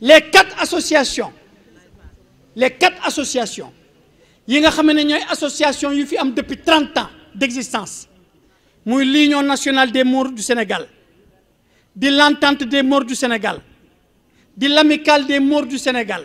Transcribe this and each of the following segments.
les quatre associations les quatre associations yi nga a association depuis 30 ans d'existence l'union nationale des morts du Sénégal De l'entente des morts du Sénégal De l'amicale des morts du Sénégal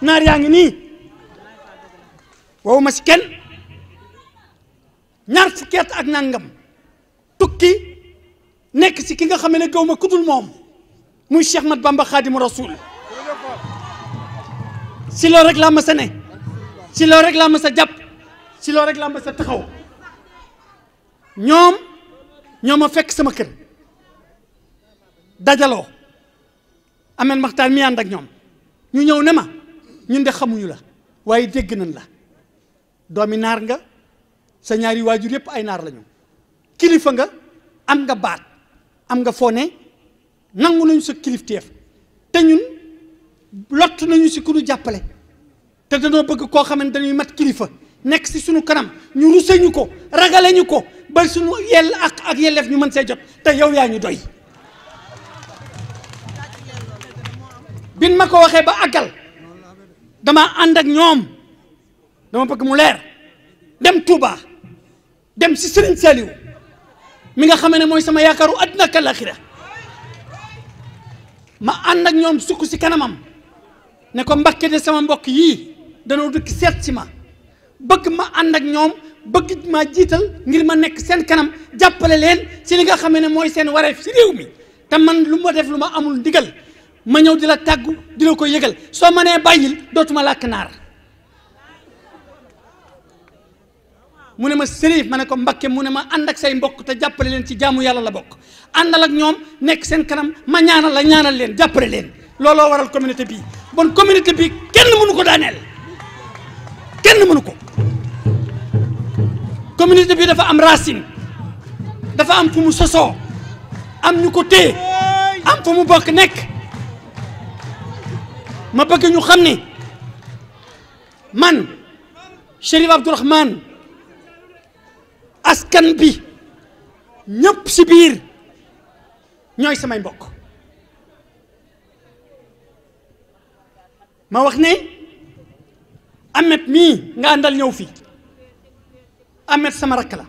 naar yaa ngi nii wowuma si kenn ñaar fukki at ak nangam tukki nekk si ki nga xam ne gaw ma kudul moom muy Cheikh Mat Bamba Xaadimu Rasuul si loo rek làmb sa ne si loo rek laa sa jàpp si loo rek laa sa taxaw ñoom ñoo ma fekk sama kër dajaloo ameen maxtaan mi ànd ñoom ñu ñëw ne ma ñun de xamuñu la waye degg nañ la domi nar nga sa ñaari wajur yépp ay nar lañu kilifa nga am nga baat am nga foné nangu nañu sa kilifteef té ñun lott nañu ci ku nu jàppale te bëgg ko xamante dañuy mat kilifa nek ci sunu kanam ñu ruse ko ragale ko ba sunu yel ak ak yelef ñu mën sé jot té yow yañu doy bin ma ko ba agal dama ànd ak ñoom dama bëgg mu leer dem Touba dem si Serigne Saliou mi nga xam ne mooy sama yaakaaru àddina ak ma ànd ak ñoom sukk si kanamam ne ko Mbàkke de sama mbokk yii danoo dëkk seet si ma bëgg ma ànd ak ñoom bëgg ma jiital ngir ma nekk seen kanam jàppale leen si li nga xam ne mooy seen wareef si réew mi te man lu ma def lu ma amul ndigal ma ñëw di la tàggu di la ko yëgal soo ma nee bàyyil dootuma lakk naar mu ne ma sërif ma ne ko mbakke mu ne ma ànd ak say mbokk te jàppale leen ci jaamu yàlla la bokk àndal ak ñoom nekk seen kanam ma ñaanal la ñaanal leen jàppale leen looloo waral communauté bii bon communauté bii kenn mënu ko daaneel kenn mënu ko communauté bi dafa am racine dafa am fu mu sosoo am ñu ko téye am fu mu bokk nekk ما بقى ñu xam ni man Chérif Abdourahmane askan bi ñëpp ci biir ñooy samay mbokk ma wax ne Ahmed mii nga àndal ñëw fi amet sama rak la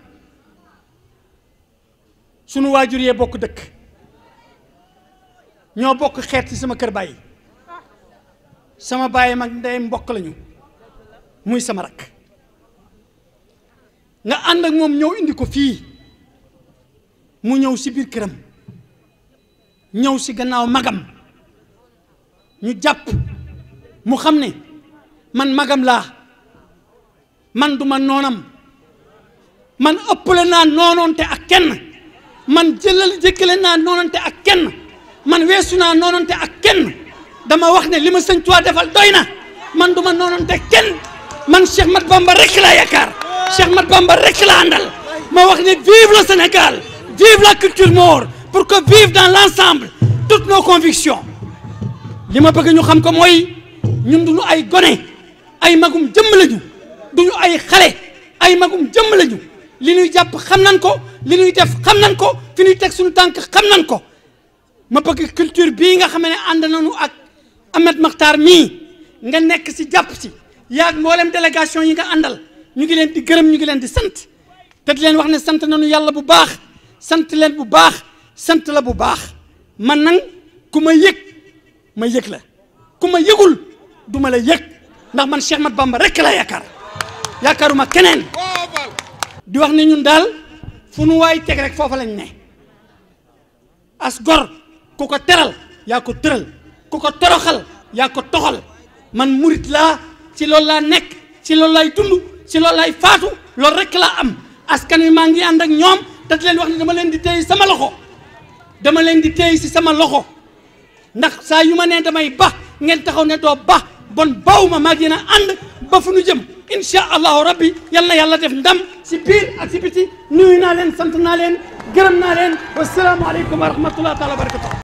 sunu wajur ye bokk dëkk ño bokk xet ci sama kër bàyyi sama bayi mak ndey mbok lañu muy sama rak nga and ak mom ñew indi ko fi mu ñew ci bir këram ñew ci gannaaw magam ñu japp mu xamne man magam la man nonam, nonam man ëppale nonon te ak kenn man jëlal jëkkale nonon noononte ak kenn man wesuna nonon te ak kenn dama wax ne li defal man man Cheikh Mat Bamba rek la Cheikh Mat Bamba rek ma wax vive le Sénégal vive la culture pour que vive dans l'ensemble toutes nos convictions li ma ñu xam ko moy ñun duñu ay goné ay magum jëm lañu duñu ay ay magum lañu li ñuy xam ko li ñuy def xam ko fi ñuy suñu xam culture Ahmed Makhtar mii nga nekk si jàpp si yaa mboolem délégation yi nga àndal ñu ngi leen di gërëm ñu ngi leen di sant te leen wax ne sant nañu yàlla bu baax sant leen bu baax sant la bu baax man nag ku ma yëg ma yëg la ku ma yëgul du ma la yëg ndax man Cheikh Mat Bamba rek la yaakaar yaakaaruma keneen di wax ne ñun daal fu nu waay teg rek foofa lañ ne as gor ku ko teral yaa ko tëral kuko toroxal ya ko toxal man murit la ci lol la nek ci lol lay dund ci lol lay faatu lol rek la am askan wi mangi and ak ñom te di leen wax ni dama leen di tey sama loxo dama leen di tey si sama loxo ndax sa yu ma ne damay ba ngeen taxaw ne do ba bon bawuma ma and and ba fu ñu jëm insha allah rabbi yalla yalla def ndam ci bir ak ci biti nuyu na leen sant leen leen wa taala wa barakatuh